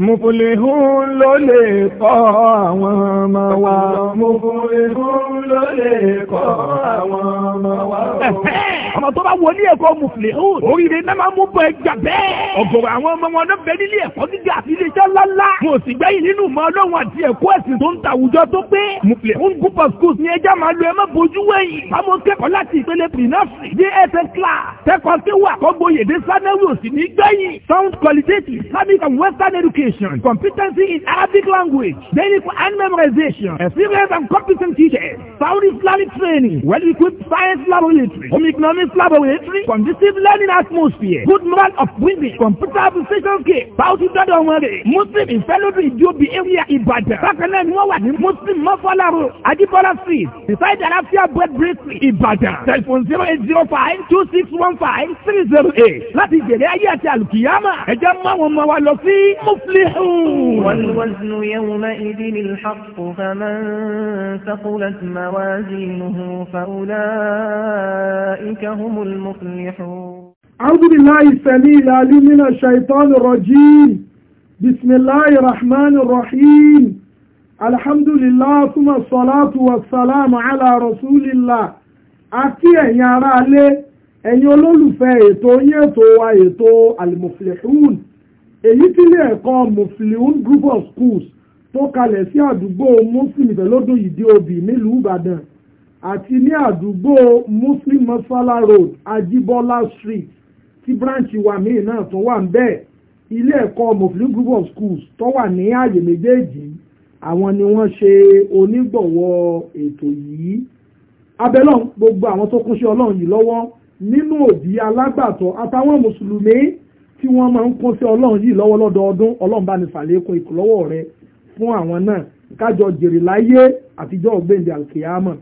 Mùfúlihún ló lè kọ́ àwọn ọmọ wa. Mùfúlihún ló lè kọ́ àwọn ọmọ wa. Ọmọ tó bá wọlé ẹ̀kọ́ Mùfúlihún. Oríire náà máa mú bọ ẹja bẹ́ẹ̀. Ọ̀gọ̀rọ̀ àwọn ọmọ wọn náà bẹ nílé ẹ̀kọ́ gíga àti iléeṣẹ́ ńláńlá. Mo sì gbẹ́yìn nínú ìmọ̀ ọlọ́run àti ẹ̀kọ́ ẹ̀sìn tó ń ta àwùjọ tó pé. Mùfúlihún Gúpọ̀ Schools ni ẹja máa lo ẹmọ bojú wẹ̀yìn. Bámo kẹ́kọ̀ọ́ láti ìpele Pinafri, DSS class, kẹ́kọ̀ọ́ kéwà kọ́gbóyèdè Sanẹ́wì Sound qualitative Islamic and Western education memorization, competency in Arabic language, daily Quran memorization, experienced and competent teachers, sound Islamic training, well-equipped science laboratory, home economics laboratory, conducive learning atmosphere, good moral of women, computer application skill, bounty dandan wọn rè, Muslim in ìjó behavior Ìbàdàn, bákan náà ni wọ́n wà ní Muslim Mọ́fọ́lárò, Adébọ́lá street, beside Alafia bread bakery, Ìbàdàn, telephone zero eight zero five two six one five three zero eight láti jèrè ayé àti àlùkìyàmà, ẹ̀jẹ̀ mú àwọn ọmọ wa lọ sí Muslim. والوزن يومئذ الحق فمن ثقلت موازينه فأولئك هم المفلحون أعوذ بالله السميع العليم من الشيطان الرجيم بسم الله الرحمن الرحيم الحمد لله ثم الصلاة والسلام على رسول الله أتي يا رالي أن olólùfẹ́ فايتو yín ويتو المفلحون èyí tí ilé ẹ̀kọ́ mufliun group of schools tó kalẹ̀ sí àdúgbò muslim ìfẹ́lódún ìdí obì nílùú ìbàdàn àti ní àdúgbò muslim masala road ajibola street tí branch wa míì náà tó wà ń bẹ́ẹ̀ ilé ẹ̀kọ́ mufliun group of schools tó wà ní àyè méjèèjì àwọn ni wọ́n ṣe onígbọ̀wọ́ ètò yìí abẹ́lọ́ gbogbo àwọn tó kún sí ọlọ́run yìí lọ́wọ́ nínú òbí alágbàtọ́ àtàwọn mùsùlùmí tí wọ́n máa ń kó sí ọlọ́run yìí lọ́wọ́ lọ́dọọdún ọlọ́run bá ní sàlékún ìkọlọ́wọ́ rẹ fún àwọn náà kájọ jèrè láyé àtijọ́ ògbéǹde àkèámọ̀.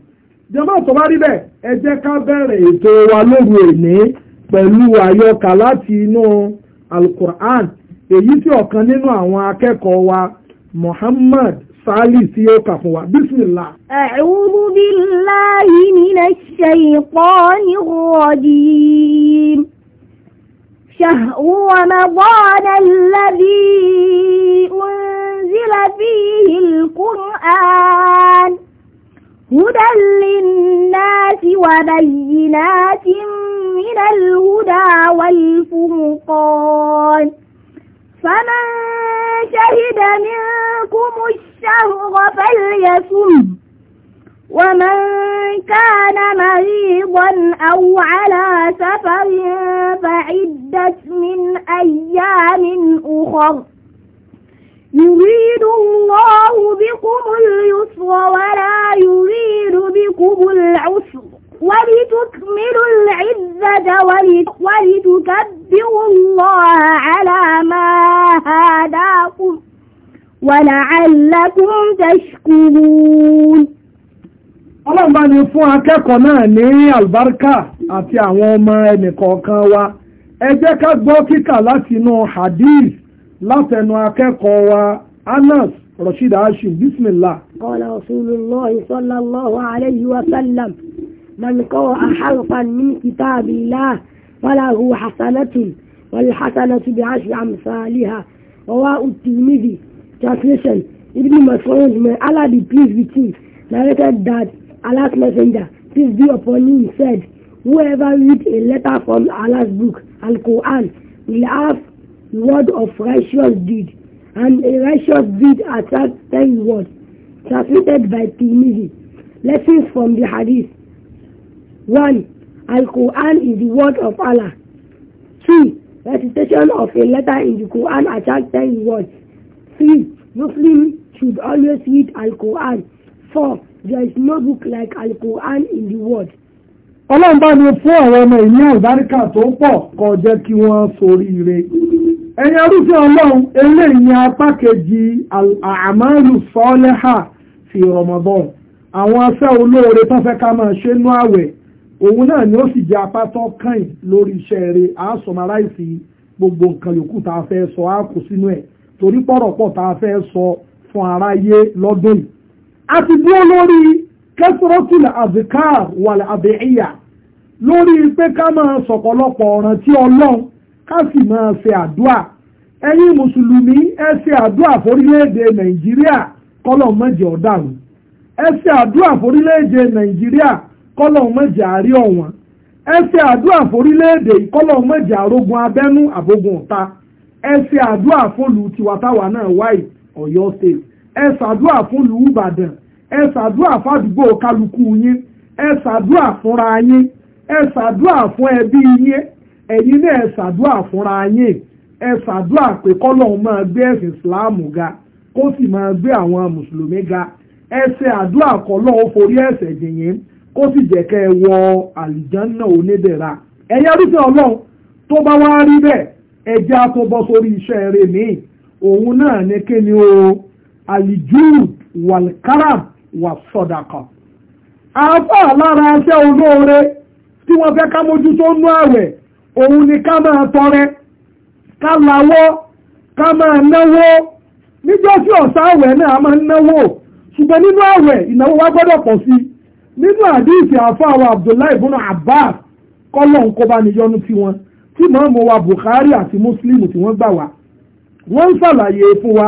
jọba tó bá rí bẹ́ẹ̀ ẹ jẹ́ ká bẹ̀rẹ̀ ètò wa lóru èní pẹ̀lú àyọkà láti inú alukur'an èyí tí ọ̀kan nínú àwọn akẹ́kọ̀ọ́ wa Muhammad Sali tí ó kà fún wa bismillah. A'udhu billahi minash shaytanir rajim. شهر رمضان الذي أنزل فيه القرآن هدى للناس وبينات من الهدى والفرقان فمن شهد منكم الشهر فليصم ومن كان مريضا أو على سفر فعدة من أيام أخر يريد الله بكم اليسر ولا يريد بكم العسر ولتكملوا العزة ولتكبروا الله على ما هداكم ولعلكم تشكرون ọlọ́run bá ní fún akẹ́kọ̀ọ́ náà ní àlùbáríkà àti àwọn ọmọ ẹnìkọ̀ọ̀kan wa ẹ jẹ́ ká gbọ́ kíkà láti inú hadith látẹnu akẹ́kọ̀ọ́ wa anas rashid hashim bismillah. qala rasulullah sallallahu alayhi wa sallam man qara'a harfan min kitabillah falahu hasanatun wal hasanatu bi ashri amsalha rawahu at-tirmidhi translation ibn mas'ud may Allah be pleased with him narrated that Allah's messenger, peace be upon him, said, Whoever read a letter from Allah's book, Al-Quran, will have word of righteous deed, and a righteous deed attracts ten rewards. Transmitted by Tirmidhi. Lessons from the Hadith. 1. Al-Quran is the word of Allah. 2. Recitation of a letter in the Quran attracts 10 rewards. 3. Muslims should always read Al-Quran four there is no book like al in the world. ọlọ́run bá ní fún àwọn ọmọ ìní àlùbáríkà tó pọ̀ kó jẹ́ kí wọ́n sorí ire. ẹ̀yin arúgbó ọlọ́run eléyìí ni apá kejì àmàlù sọ́ọ́lẹ́hà fi Ramadan àwọn afẹ́ olóore tó fẹ́ ká máa ṣe nú àwẹ̀ òun náà ni ó sì jẹ́ apá tó kàn lórí iṣẹ́ rẹ̀ á sọmaráìsì gbogbo nǹkan yòókù tá a fẹ́ sọ á sínú ẹ̀ torí pọ̀rọ̀pọ̀ tá a fẹ́ sọ fún aráyé lọ́dún yìí àti dúró lórí kẹsìrọ́tìlẹ̀ àbíkáà wàlẹ̀ àbíyà lórí pé ká máa sọ̀pọ̀lọpọ̀ ọ̀ràn tí ọlọ́run ká sì máa ṣe àdúà ẹ̀yin mùsùlùmí ẹ ṣe àdúà fórílẹ̀-èdè nàìjíríà kọ́lọ̀ mẹ́jẹ ọ̀daràn ẹ ṣe àdúà fórílẹ̀-èdè nàìjíríà kọ́lọ̀ mẹ́jẹ àárí ọ̀wọ́n ẹ ṣe àdúà fórílẹ̀-èdè kọ́lọ̀ mẹ́jẹ àrógun abẹ́nú àbógun ọ̀tá ẹ ṣe àdúà fólù tiwátáwá náà ẹ ṣàdúrà fún ìlú Ìbàdàn ẹ ṣàdúrà fàdúgbò kálukú yín ẹ ṣàdúrà fúnra yín ẹ ṣàdúrà fún ẹbí yín ẹ̀yin náà ẹ ṣàdúrà fúnra yín ẹ ṣàdúrà pé kọ́lọ́hún máa gbé ẹ̀sìn Ìsìláàmù ga kó sì máa gbé àwọn mùsùlùmí ga ẹ ṣe àdúrà kọ́lọ́hún forí ẹ̀ṣẹ̀ jìyìn kó sì jẹ́ kẹ́ ẹ wọ àlìjánná onídẹ̀ra ẹ̀yin arúgbó ọlọ́run tó bá wá rí bẹ́ẹ̀ ẹjẹ́ á tó sórí iṣẹ́ rẹ̀ míì òun náà ní kíni o alijud wa wà sọdàkọ. àáfà lára aṣẹ́ olóore tí wọ́n fẹ́ ká mójútó nú àwẹ̀ òun ni ká máa tọrẹ ká lawọ́ ká máa náwó níjọ́ sí ọ̀sán àwẹ̀ náà a máa ń náwó ṣùgbọ́n nínú àwẹ̀ ìnáwó wa gbọ́dọ̀ pọ̀ sí nínú àdíìsì àáfà wa Abdullahi ibn Abbas kọ́lọ̀ ń kó bá ní yọnu sí wọn tí màmú wa Bukhari àti Muslim tí wọ́n gbà wá wọ́n ń ṣàlàyé fún wa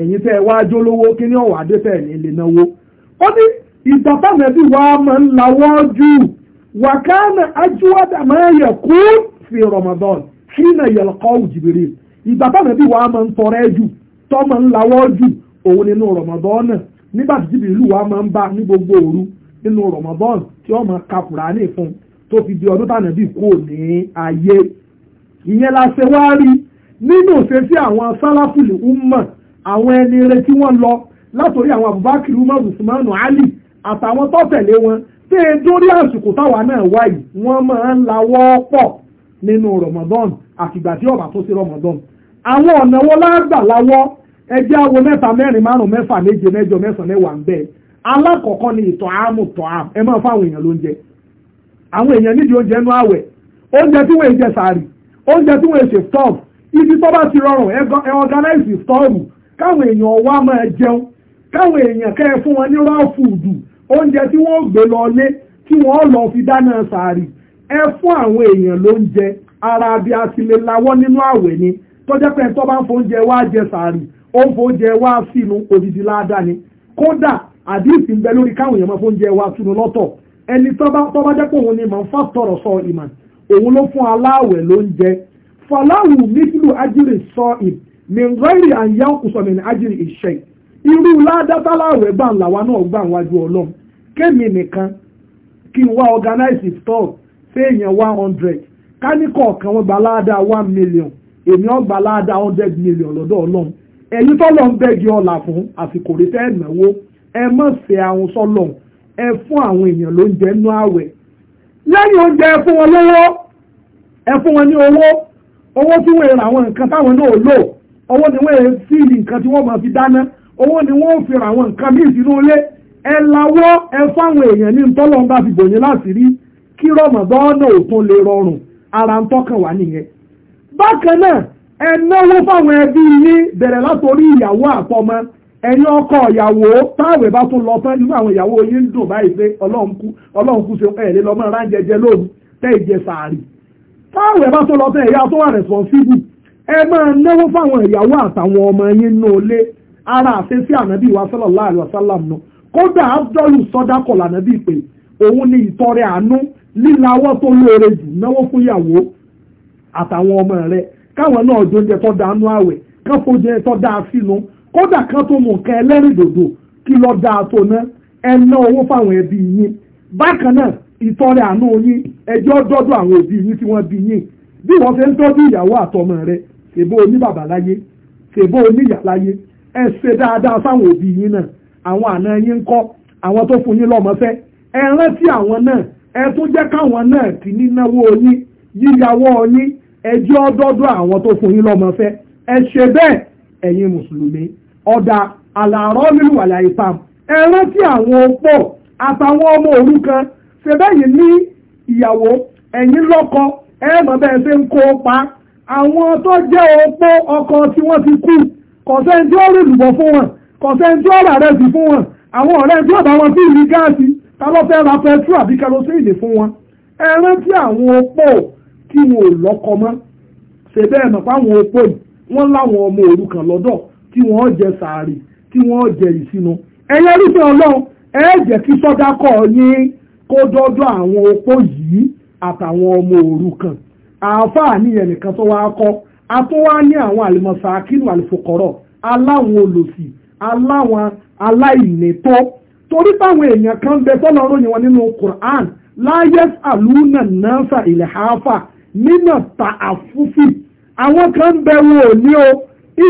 ẹ̀yin tẹ́ ẹ wá jó lówó kí ní ọ̀wà dé tẹ̀ ní lè náwó ó ní ìgbà táwọn ẹbí wa máa ń lawọ́ jù wàkánà ajúwádà máa yẹ kú fi Ramadan hínà yẹlẹkọ́ òjìbìrì ìgbà táwọn ẹbí wa máa ń tọrẹ jù tọ́ máa ń lawọ́ jù òun nínú Ramadan náà nígbà tí jìbìrì wa máa ń bá ní gbogbo òru nínú Ramadan tí ó máa ka Kùránì fún tó fi di ọdún táwọn ẹbí kò ní ayé ìyẹn la ṣe wá rí nínú òṣèṣì àwọn sálàfùlù àwọn ẹni rẹ wọn lọ látòrí àwọn Abubakar Umar Usman Ali àtàwọn tó tẹ̀lé wọn tí e dórí àsìkò táwa náà wá wọn máa ń lawọ́ pọ̀ nínú Ramadan àtìgbà tí ọba tó sí Ramadan àwọn ọ̀nà awo mẹ́ta mẹ́rin márùn mẹ́fà méje mẹ́jọ mẹ́sàn-án mẹ́wàá ń alákọ̀ọ́kọ́ ni ìtọ̀ àwọn èèyàn nídìí oúnjẹ nú àwẹ̀ oúnjẹ tí wọ́n ń jẹ sàárì oúnjẹ tí wọ́n ń ṣe ibi tó bá ti rọrùn ẹ káwọn èèyàn wá máa jẹun káwọn èèyàn kẹ́ ẹ fún wọn ní raw food oúnjẹ tí wọ́n gbé lọ lé tí wọ́n lọ fi dáná sàárì ẹ fún àwọn èèyàn lóúnjẹ ara bí a ti lè lawọ́ nínú àwẹ̀ ni tọ́jẹ́ pé tó bá ń fóúnjẹ wá jẹ sàárì ó ń fóúnjẹ wá sínú odidi ládàá ni kódà àdìsí ń bẹ lórí káwọn èèyàn máa fóúnjẹ wá sínú lọ́tọ̀ ẹni tó bá jẹ́ pé òun ni màá fàtọ̀rọ̀ sọ ìmọ̀ òun ló fún aláwẹ̀ lóúnjẹ fọláwù mísìlù mìíràn àyà òkùsọ̀ mi ní ájírí ìṣe irú ládátàláwẹ̀ gbà ńláwa náà gbà wájú ọlọ́run kémi nìkan kí n wá organize iftar séèyàn one hundred káníkọ̀ kan wọn gba láàdá one million èmi ọ̀ gba láàdá hundred million lọ́dọ̀ ọlọ́run ẹ̀yin tọ́lọ́ ń bẹ́gi ọ̀la fún àsìkò rẹ̀ tẹ́ ẹ̀ náwó ẹ mọ̀ sí àwọn sọ́lọ̀ ẹ fún àwọn èèyàn lóúnjẹ nú àwẹ̀ lẹ́yìn oúnjẹ ẹ fún wọn lówó ẹ fún wọn ní owó owó tí wọ́n ra àwọn nǹkan táwọn náà lò owó ni wọ́n fíìlì nǹkan tí wọ́n máa fi dáná owó ni wọ́n fi ra àwọn nǹkan míì ìsinú ilé ẹ lawọ́ ẹ fáwọn èèyàn ní ntọ́lọ́n bá fi bòyìn láti rí kí rọmọdọ́nà òtún lè rọrùn ara ń tọ́kàn wá nìyẹn. bákan náà ẹ náwó fáwọn ẹbí yín bẹ̀rẹ̀ látòrí ìyàwó àtọmọ ọkọ ìyàwó táwẹ̀ bá tún lọ àwọn ìyàwó yín ń dùn ẹ máa náwó fáwọn ìyàwó àtàwọn ọmọ yín nù ilé ara àṣesí ànábì wa sallallahu alaihi wasallam nù kódà abdul sọdákọ̀ lànàbì pé òun ni ìtọrẹ àánú lílawọ́ tó lóore jù náwó fún ìyàwó àtàwọn ọmọ rẹ káwọn náà jóúnjẹ tó dánú àwẹ̀ kán fojúẹ tó dáa sínú kódà kán tó mú nǹkan ẹlẹ́rìndòdò kí lọ́ọ́ dáa tó ná ẹ ná owó fáwọn ẹbí yín bákan náà ìtọrẹ àánú yín ẹjọ́ dọ́dọ̀ àwọn òbí yín tí wọ́n bí yín bí wọ́n fẹ́ ń tọ́jú ìyàwó àtọmọ rẹ̀ ṣèbó oní bàbá láyé ṣèbó oní ìyá láyé ẹ ṣe dáadáa sáwọn òbí yín náà àwọn àna yín ń kọ́ àwọn tó fún yín lọ́mọ fẹ́ ẹ rántí àwọn náà ẹ tún jẹ́ káwọn náà ti nínáwó yín yíyàwó yín ẹ jẹ́ ọdọ́dọ́ àwọn tó fún yín lọ́mọ fẹ́ ẹ ṣe bẹ́ẹ̀ ẹ̀yin mùsùlùmí ọ̀dà àlàrọ́ nílùú àlàyé pam ẹ rántí àwọn opó àtàwọn ọmọ òrukàn ṣe bẹ́yìn ní ìyàwó ẹ̀yin lọ́kọ ẹ mọ̀ bẹ́ẹ̀ ṣe ń kó pa àwọn tó jẹ́ opó ọkọ tí wọ́n ti kú kọ̀sẹ́ni tí ó rí ìlúbọ̀ fún wọn kọ̀sẹ́ni tí ó rà rẹ̀ sí fún wọn àwọn ọ̀rẹ́ tí ọ̀bá wọn sí ìlú gáàsì ta ló fẹ́ ra pẹtrú àbí kẹrosíìnì fún wọn ẹ rántí àwọn opó tí wọn ò lọ́kọ mọ́ ṣe bẹ́ẹ̀ mọ̀ fáwọn opó yìí wọ́n láwọn ọmọ òrukàn lọ́dọ̀ tí wọ́n jẹ sàárì tí wọ́n jẹ ìsinu ẹ̀yẹ rí fún ọlọ́run ẹ jẹ́ kí sọ́dá kọ́ yín kó dọ́dọ̀ àwọn opó yìí àtàwọn ọmọ àáfàá nìyẹn nìkan tó wáá kọ́ a tó wá ní àwọn àlùmọ̀sá akínú àlùfòkọ̀rọ̀ aláwọn olòṣì aláwọn aláìnítọ́ torí táwọn èèyàn kan bẹ tọ́lọ́ ròyìn wọn nínú Qur'an láyẹ́s àlùnà náà ilẹ̀ hafa nínà ta àfúfì àwọn kan bẹ wọn ò ní o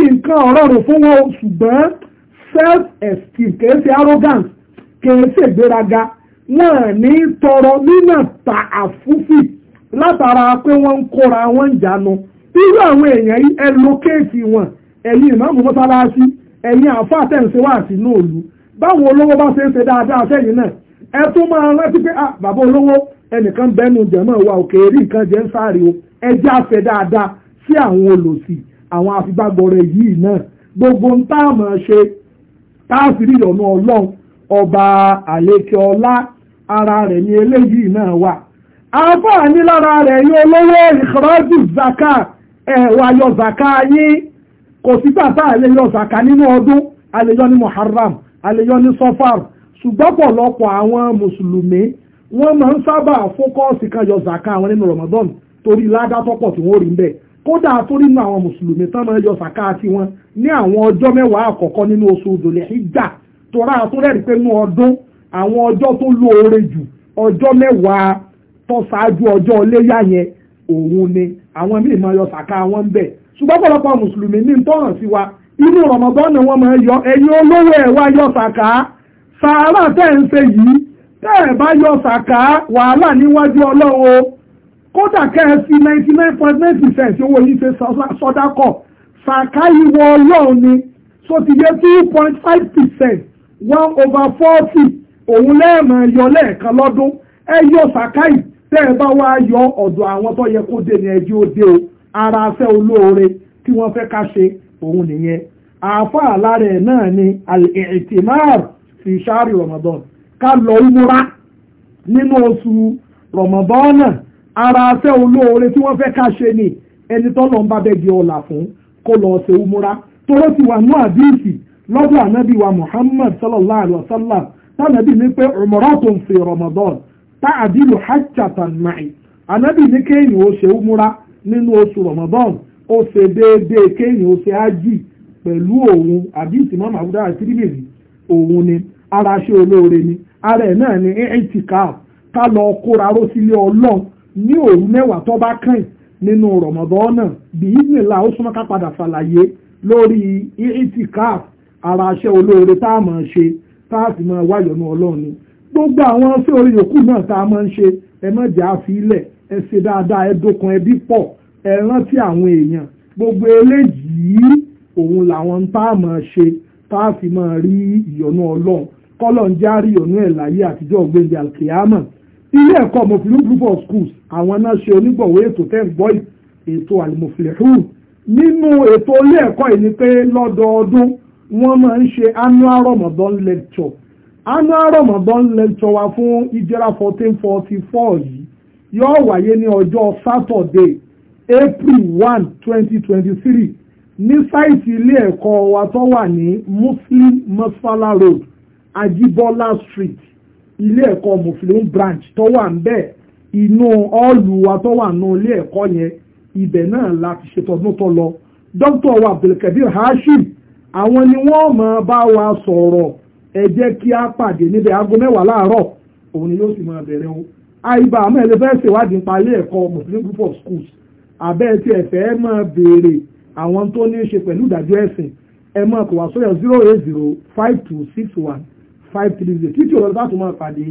nǹkan ọ̀rọ̀rùn fún wọn ṣùgbọ́n self esteem kìí ṣe arrogance kìí ṣègbéraga wọn ní tọrọ nínà ta àfúfì. látara pé wọ́n ń kóra wọ́n ń jánu irú àwọn èèyàn yìí ẹ lókèètì wọn ẹ̀yin ìmáàmù mọ́sálásí ẹ̀yin àáfàá tẹ̀sí wá sí inú òlu báwọn olówó bá ṣe ń ṣe dáadáa sẹ́yìn náà ẹ tún máa rántí pé ah bàbá olówó ẹnìkan bẹ́nu jẹ̀mọ́ wa òkè rí nǹkan jẹ́ ń sáré o ẹ jẹ́ àfẹ́ dáadáa sí àwọn olòṣì àwọn àfibágbọ̀rẹ̀ yìí náà gbogbo ń tá àmọ̀ ṣe táàfìrí ìyọ̀nù ọlọ́run ọba àlekè ara rẹ̀ ní eléyìí náà wà àáfàá ní lára rẹ̀ yí olówó ìkọ́rọ́jù zaka ẹ̀wà yọ zaka yín kò sí tàbá àlè yọ zaka nínú ọdún àlè yọ ní muharram àlè yọ ní sọfar ṣùgbọ́n pọ̀lọpọ̀ àwọn mùsùlùmí wọ́n máa ń sábà fókọ́ọ̀sì kan yọ zaka àwọn nínú ramadan torí ládàtọ́pọ̀ tí wọ́n rí ń bẹ̀ kódà torí nínú àwọn mùsùlùmí tán máa yọ zaka àti wọn ní àwọn ọjọ́ mẹ́wàá àkọ́kọ́ nínú oṣù òdòlẹ̀ hijja torá àtúrẹ́rì pé nínú ọdún àwọn ọjọ́ tó lóore jù ọjọ́ mẹ́wàá tó ṣáájú ọjọ́ iléyà yẹn òun ni àwọn míì máa yọ sàká wọn ń bẹ̀ ṣùgbọ́n pọ̀lọpọ̀ mùsùlùmí ní tọ́ràn sí wa inú rọ̀mọ̀dọ́nù wọn máa yọ ẹ̀yin olówó ẹ̀ wá yọ sàká sàárà tẹ́ ń ṣe yìí tẹ́ ẹ̀ bá yọ sàká wàhálà níwájú ọlọ́wọ́ kódà kẹ́ẹ̀sì ninety nine point nine percent owó yìí ṣe sọdákọ̀ sàká ìwọ ọlọ́run ni so ti yẹ two point five percent one over forty òun lẹ́ẹ̀mọ̀ yọ lẹ́ẹ̀kan lọ́dún ẹ yọ sàká yìí tẹ́ ẹ bá wá yọ ọ̀dọ̀ àwọn tó yẹ kó dé ní ẹjọ́ òde o ara afẹ́ olóore tí wọ́n fẹ́ ká ṣe òun nìyẹn àáfàá lára ẹ̀ náà ni al-i'timar fi ṣáàrì Ramadan ká lọ ìmúra nínú oṣù Ramadan náà ara afẹ́ olóore tí wọ́n fẹ́ ká ṣe ni ẹni tọ́lọ́ ń bá bẹ́ẹ̀ di ọ̀là fún kó lọ ṣe ìmúra tóró ti wà ní àdíìsì lọ́dọ̀ ànábì wa Muhammad sallallahu alayhi wa sallam tánàbì ní pé umratun fi Ramadan táàdìlù hajjatan ma'i anábì ní kéèyàn ó ṣe umura nínú oṣù ramadan ó ṣe déédéé kéèyàn ó ṣe ájì pẹ̀lú òun àbí ìsìmọ́mọ́ àbúdá àti rírìmì òun ni ara ṣe olóore ni ara ẹ̀ náà ni itikaf ká lọ kóra ró sílé ọlọ́run ní òru mẹ́wàá tó bá kàn nínú ramadan náà bí ìdìnnìlá ó súnmọ́ ká padà ṣàlàyé lórí itikaf ara ṣe olóore tá a máa ṣe tá a sì máa wáyọ̀ ní ọlọ́run ni gbogbo àwọn ṣé orí yòókù náà tá a máa ń ṣe ẹ má jà á fi ilẹ̀ ẹ ṣe dáadáa ẹ dókun ẹbí pọ̀ ẹ rántí àwọn èèyàn gbogbo eléyìí òun làwọn ń tá a máa ṣe tá a fi máa rí ìyọ́nú ọlọ́run kọ́lọ̀ ń járí ìyọ́nú ẹ̀ láyé àtijọ́ ọ̀gbẹ́ndì alkiyama ilé ẹ̀kọ́ mọ̀fìlú group of schools àwọn náà ṣe onígbọ̀wé ètò ten boy ètò alimọ̀fìlẹ́hùn nínú ètò ilé ẹ̀kọ́ yìí ni pé lọ́dọọdún wọ́n máa ń ṣe annual Ramadan lecture annual Ramadan lecture wa fún ìjẹ́ra 1444 yi four yìí yóò wáyé ní ọjọ́ Saturday April 1 2023 twenty ile ní sáìtì ilé ẹ̀kọ́ wa tó wà ní Muslim Masfala Road Ajibola Street ilé ẹ̀kọ́ Muslim branch tó wà ń bẹ̀ inú ọ́ọ̀lù wa tó wà nù ilé ẹ̀kọ́ yẹn ibẹ̀ náà la ti ṣètọ́dún tó lọ Dr. wa Abdulkadir Hashim àwọn ni wọ́n máa bá wa sọ̀rọ̀ ẹ jẹ́ kí a pàdé níbẹ̀ aago mẹ́wàá láàárọ̀ òun ni yóò sì máa bẹ̀rẹ̀ o àìbá àmọ́ ẹ̀ lè fẹ́ ṣèwádìí nípa ilé ẹ̀kọ́ muslim group of schools abẹ́ tí ẹ fẹ́ máa béèrè àwọn tó ní í ṣe pẹ̀lú ìdájọ́ ẹ̀sìn ẹ máa kọ̀ wá sóyọ̀ zero eight zero five two six one five three zero títí ọ̀rọ̀ bá tún máa pàdé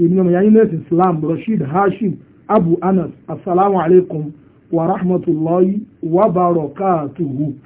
èmi ọmọ yanyin nurse islam rasheed hashim abu anas asalaamualeykum wa rahmatulahi wa barakatuhu.